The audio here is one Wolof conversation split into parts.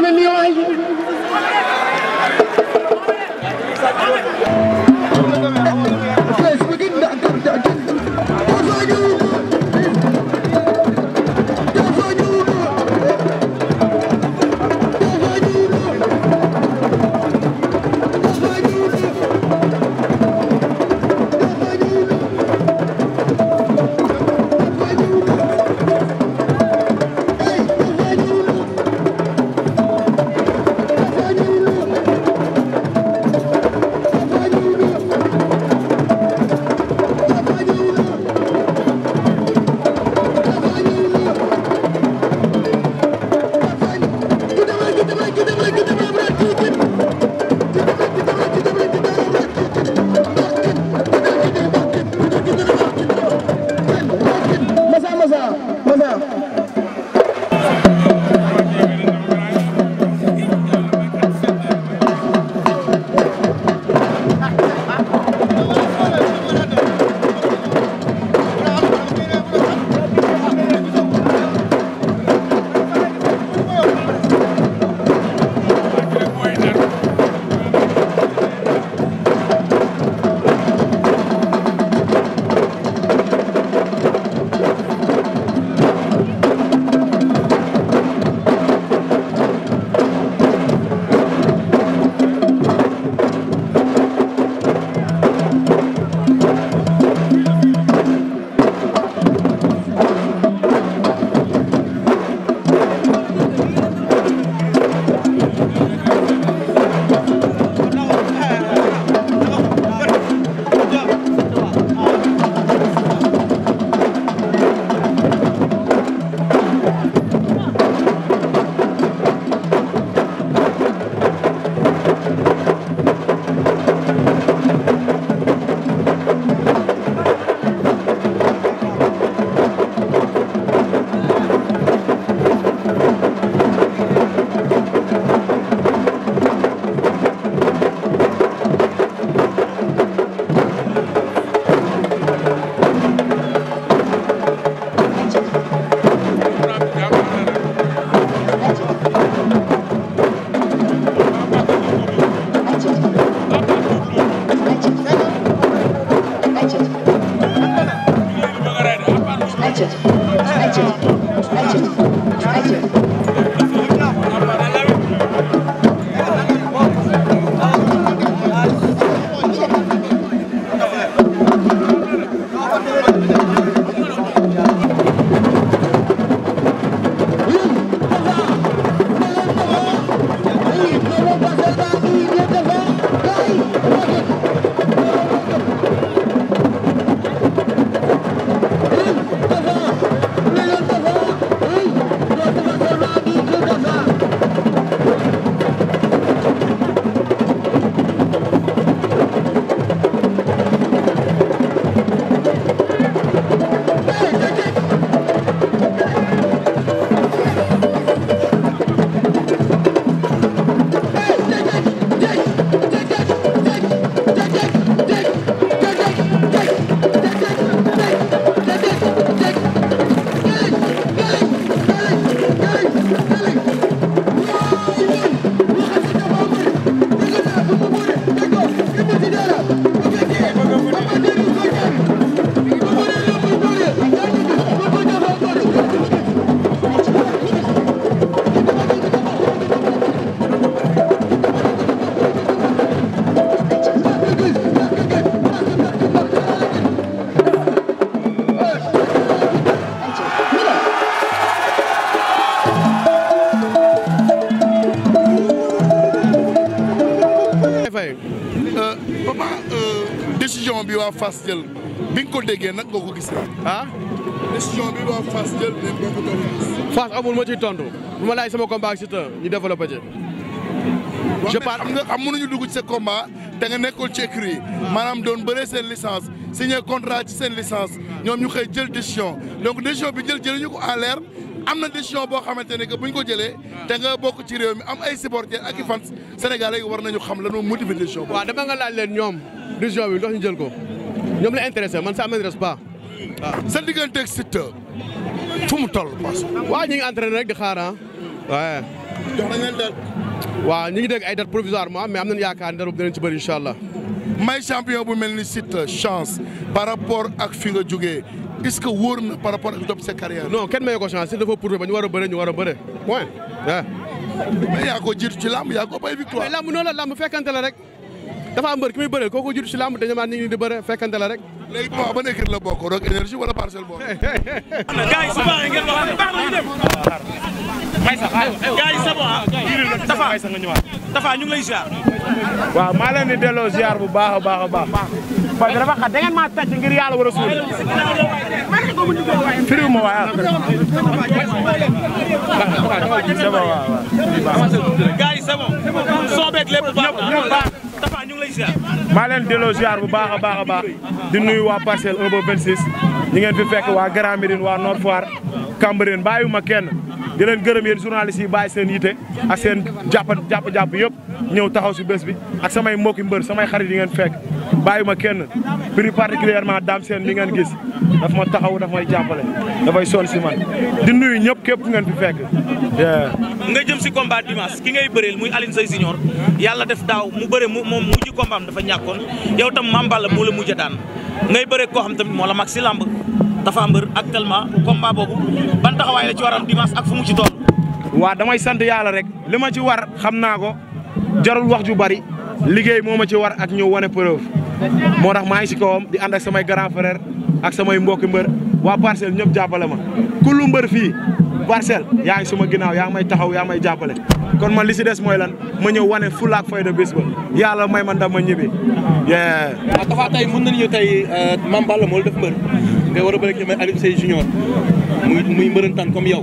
Give me a Fass jël bi nga ko déggee nga ko gis ah décision bi waa Fass jël ne boo ko doon gis. Fass ma ciy tontu lu ma laaj sama combat ak Siteu ñu développé ci. je parle am nga am ñu dugg ci sa combat da nga nekkul ci écrit maanaam doon bëree seen licence signé contrat ci seen licence ñoom ñu koy jël décision donc décision bi jël ñu ko à am na décision boo xamante ne que bu ko jëlee te nga bokk ci réew mi am ay supporters ak i fan sénégalais yi war nañu xam lan moo motivé décision boobu. waaw dama nga laaj leen ñoom décision bi ndox ñu jël ko. ñoom la intéressé man ça m'intéresse pas waaw. sa digganteeg Siteu fu mu tol parce que. waaw ñu ngi entraîné rek di xaar ah. waaye. jox nañ leen date. moo ñu ngi dégg am nañu yaakaar ne dara dinañ ci bëri incha allah. may champion bu mel ni Siteu chance par rapport ak fii nga jógee est-ce que wóor na par rapport ak top sa carrière. non kenn maye ko chance dafa prouvé ba ñu war a bëre ñu war a bëre yaa ko jiitu ci làmb yaa ko bay victoire. Ah, mais làmb noonu la làmb fekkante la rek. dafa am mbër ki muy bëreel kooku jur ci làmb dañu maa nit ñi di bëre fekkante la rek. léegi bon ban équipe la bokk Rock Énergie wala parcelle boobu. gars yi suba ngeen wax may sax gars yi ah. sa Tafa ñu ngi lay ziar. waaw maa leen di delloo ziar bu baax a baax a baax. parce que dafa xat da ngeen maa tàcc ngir yàlla war a suul. firiw ma waaye ah. gars yi c'est bon. soo beeg lépp baax na. maa leen delloo ziar bu baax a baax a baax di nuyu waa parcelle 1 ba 26 ñi ngeen fi fekk waa Grand Médine waa Nord Foire Cambérène ma kenn di gërëm yéen journalistes yi bàyyi seen yite ak seen jàpp jàpp-jàpp yëpp ñëw taxaw si bés bi ak samay mbokki mbër samay xarit yi ngeen fekk bàyyi ma kenn plus particulièrement daam seen bi ngeen gis daf ma taxaw daf may jàppale dafay sonn si man di nuyu ñëpp képp ngeen fi fekk nga jëm si combat dimanche ki ngay bëreel muy Alioune Seye Junior yàlla def daaw mu bëre mu moom mu combat am dafa ñàkkoon yow tam Mame Balla mu la mujj daan ngay bëre koo xam tamit moo la làmb Tapha Mbeur actuellement combat boobu ban taxawaay la ci war am ak fu mu ci toll. waaw damay sant yàlla rek li ma ci war xam naa ko jarul wax ju bari liggéey moo ma ci war ak ñëw wane preuve moo tax maa ngi si kawam di ànd ak samay grand frère ak samay mbokki mbër waa parcelle ñëpp jàppale ma ku lu mbër fii parcelle yaa ngi suma ginnaaw yaa may taxaw yaa may jàppale kon man li si des mooy lan ma ñëw wane fulaak fayda bés ba yàlla may ma ndam ma ñibbi. waaw moo la def nga war a bëri ak may Alioune Seye junior muy muy mbërëntaan comme yow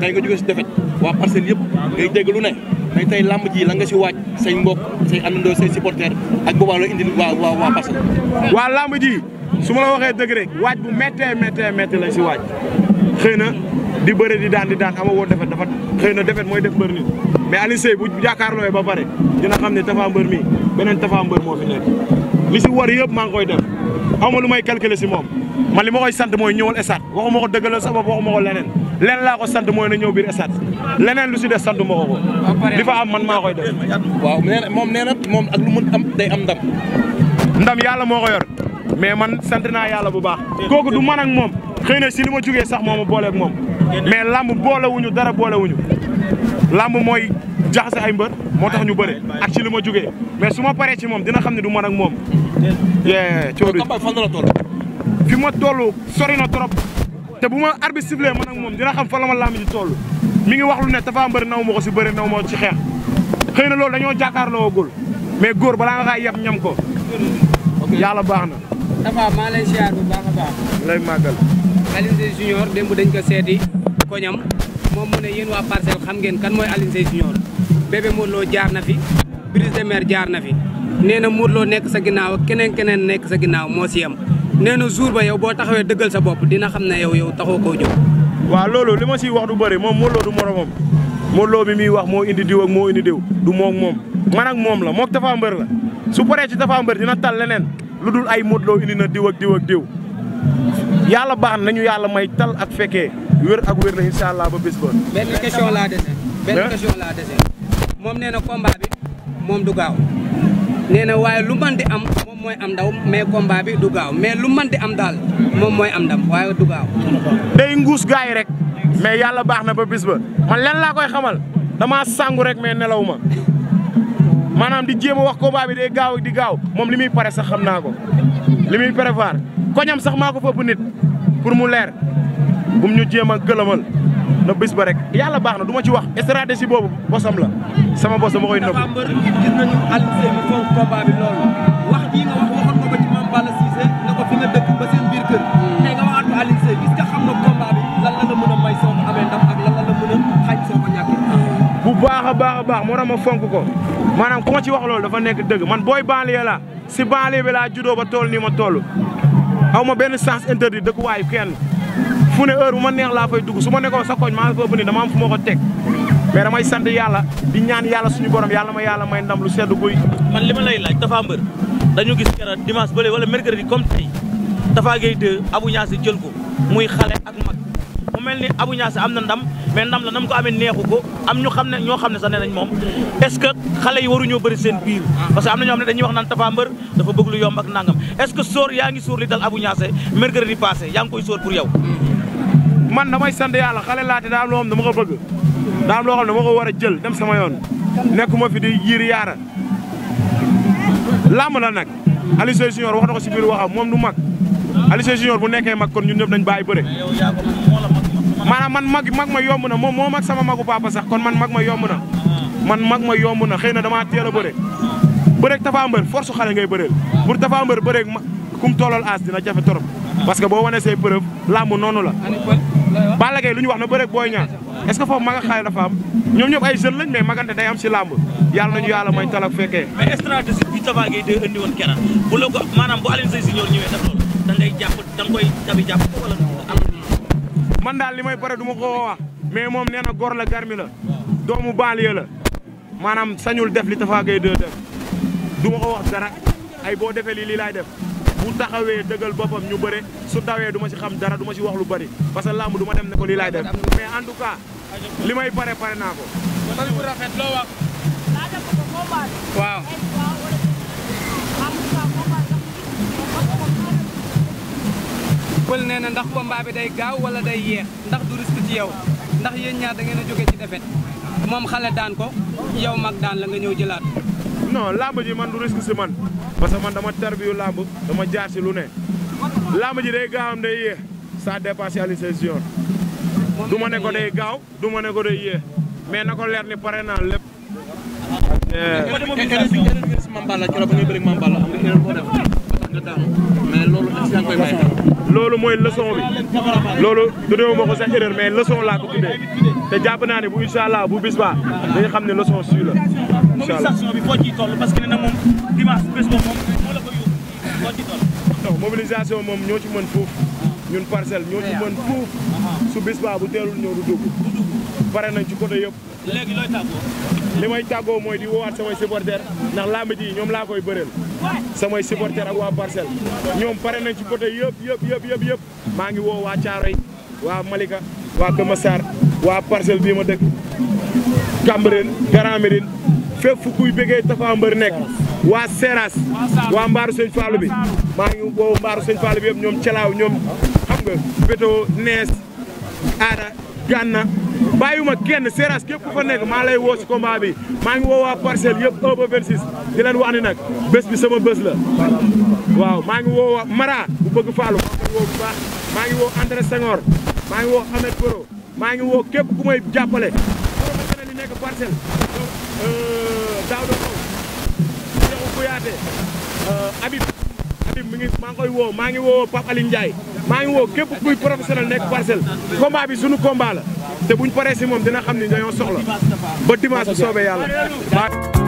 tey nga jóge si defet waa parcelle yëpp ngay dégg lu ne mais tey làmb ji la nga si waaj say mbok say àndandoo say supporter ak boobaa loo indil waa waa waa parcelle. waa làmb ji su ma la waxee dëgg rek waaj bu méttee méttee méttee lañ si waaj xëy na di bëre di daan di daan ama woo defet dafa xëy na defet mooy def mbër nit mais Alioune Seye bu jàkkaarlooyee ba pare dina xam ne Tapha Mbeur mi beneen Tapha Mbeur moo fi nekk li si war yëpp maa ngi koy def xaw ma lu may calculer si moom. man li ma koy sant mooy ñëwal stade waxuma ko dëggalal sa bopp waxuma ko leneen leen laa ko sant mooy na ñëw biir stade leneen lu si des sant ma ko ko li fa am man maa koy def. moom nee moom ak lu mën am day am ndam. ndam yàlla moo ko yor mais man sant naa yàlla bu baax kooku du man ak moom xëy na si li ma jugee sax moom a booleeg moom mais lamb boolewuñu dara ñu lamb mooy jaxase ay mbër moo tax ñu bëre ak ci li ma jugee mais su ma paree ci moom dina xam ne du man ak moom. coono yi fi ma toll sori na trop te bu ma arbitre sifflé man ak moom dina xam fa la ma làmb ji toll mi ngi wax lu ne Tapha Mbeur naw ma ko si bëri naw ma ko ci xeex xëy na loolu dañoo jàkkaarloo góor mais góor balaa nga kaa yem ñam ko yàlla baax na. Tapha maa lay ziar bu baax a baax. lay màggal. Alioune Seye Junior démb dañ ko seeti koñam moom mu ne yéen waa parcelle xam ngeen kan mooy Alioune Seye Junior bébé Modou Lo jaar na fi Brise de Mer jaar na fi nee na Modou Lo nekk sa ginnaaw ak keneen keneen nekk sa ginnaaw moo si nee na jour ba yow boo taxawee dëggal sa bopp dina xam ne yow yow taxoo koo jóg. waaw loolu li ma siy wax du bëri moom Modou Lo du moromam Modou Lo bi muy wax moo indi diw ak moo indi diw du moog moom man ak moom la moo Tapha Mbeur la su paree ci Tapha dina tal leneen lu dul ay Modou Lo indi na diw ak diw ak diw yàlla baax nañu yàlla may tal ak fekkee wér ak wér la incha ba bés ba. benn question laa dese. moom nee na combat bi moom du gaaw. nee na waaye lu mën di am moom mooy am ndaw mais combat bi du gaaw mais lu mën di am daal moom mooy am ndam waaye du gaaw. day nguus gars yi rek mais yàlla baax na ba bis ba man len laa koy xamal damaa sangu rek mais nelaw ma maanaam di jéem a wax combat bi day gaaw di gaaw moom li muy pare sax xam naa ko li muy prévoir koñam sax maa ko fëpp nit pour mu leer bu ñu jéem a gëlëmal na bis ba rek yàlla baax na du ma ci wax stratégie boobu bosam la. sama boss dama koy nëbb. wax jii nga wax waxoon nga ko ci Mame Balla Cissé ne ko fi nga dëkk ba seen biir kër. tey waxaat ko Alioune gis nga xam na combat bi lan la la mën a may soo ko amee ndam ak lan la bu baax a baax a baax moo tax ma fonk ko maanaam ku ma ci wax loolu dafa nekk dëgg man booy banlieue la si banlieue bi laa juddoo ba tool nii ma toll. aw ma benn sens interdit dëkkuwaayu kenn fu ne heure mu ma neex laa fay dugg su ma nekkoon sa koñ maa ngi ko bëgg ma ko teg mais damay sant yàlla di ñaan yàlla suñu borom yàlla ma yàlla may ndam lu sedd guy. man li laaj Tapha Mbeur dañu gis keroog dimanche bële wala mercredi comme tey Tapha Gueye 2 Abou Niasse jël ko muy xale ak mag mu mel ni Abou Niasse am na ndam mais ndam la nam ko amee neexu ko am ñu xam ne ñoo xam ne sax nee nañ moom est-ce que xale yi waruñoo bëri seen biir. parce que am na ñoo xam ne dañuy wax naan Tapha Mbeur dafa bëgg lu yomb ak nangam est-ce que sóor yaa ngi sóor li dal Abou Niasse mercredi passé yaa koy sóor pour daam loo xam ne moo war a jël dem sama yoon nekk ma fi di yiir yaara làmb la nag Aliou Seye Junior wax na ko si biir waxam moom du mag Aliou Seye Junior bu nekkee mag kon ñu ñëpp nañ bàyyi bëre maanaam man mag mag ma yomb na moom moo mag sama magu papa sax kon man mag ma yombu na man mag ma yomb na xëy na damaa teel a bëre bëreeg Tapha Mbeur force xale ngay bëreel pour Tapha Mbeur bëreeg ma kum tollal aas dina jafe torop parce que boo wanee say preuve làmb noonu la Balla lu ñu wax na bëreeg Boy Niang est ce que foofu maga xaay dafa am ñoom ñëpp ay jeunes lañ mais magante day am si làmb yàlla nañu yàlla may talak fekkee mais stratégie bi Tapha Gueye day indi woon keroog maanaam bu Alioune Sèye Junior ñëwee def loolu da ngay man daal li may pare duma ma ko wax mais moom nee na góor la garmi la doomu banlieue la maanaam sañul def li Tapha Gueye dee def du ma ko wax dara ay boo defee lii lii laay def bu taxawee dëgël boppam ñu bëre su dawee duma si xam dara du ma si wax lu bëri parce que làmb du ma dem ne ko lii laay def mais en li may pare pare naa ko. bu rafet loo waaw. pël nee na ndax combat bi day gaaw wala day yeex ndax du risque ci yow ndax yéen ñaar da ngeen a jóge ci defet moom xale daan ko yow mag daan la nga ñëw jëlaat. no làmb ji man du risque si man parce que man dama tarbiyu làmb dama jaar si lu ne làmb ji day gaawam day yéex ça dépasse Alioune Seye du ma ne ko day gaaw du ma ne ko day yéex mais na ko leer ni pare naa lépp. loolu mooy leçon bi loolu tuddeewu ma ko sax erreur mais leçon laa ko tuddee te jàpp naa ne bu incha bu bis baa xam ne leçon su la. incha parce que na moom moom moo la ñoo ci mën foofu. ñun parcelle ñoo ci mën fuuf su bis baa bu teelul ñëw du dugg pare nañ ci côté yëpp li may tàggoo mooy di woowaat samay supporter ndax lamb ji ñoom laa koy bëreel samay supporter ak waa parcelle ñoom pare nañ ci côté yëpp yëpp yëpp yëpp yëpp maa ngi woo waa Caaroy waa Malika waa Kër waa parcelle bii ma dëkk Cambérène Grand Médine fépp fu kuy bëggee nekk waa Seras waa Mbaaru Sëñ Fallu bi maa ngi woo Mbaaru Sëñ Fallu bi ñoom Calaaw ñoom nga béto nees aada gànna bàyyiwuma kenn séeraas képp ku fa nekk maa lay woo si combat bi maa ngi woo waa parcelle yëpp 1 ba 26 di leen wax ni nag bés bi sama bës la waaw maa ngi woo waa Mara bu bëgg Fallou maa ngi woo bu baax maa ngi woo André maa ngi woo Boro maa woo képp ku may jàppale professionnel yi nekk parcelle Daouda Sow Cheikhou Kouyaté Habib Habib mi koy woo maa ngi woo Pape maa ngi woo képp kuy professionnel nekk parcelle combat bi sunu combat la te buñ paree si moom dina xam ni dañoo soxla ba dimanche bu soobee yàlla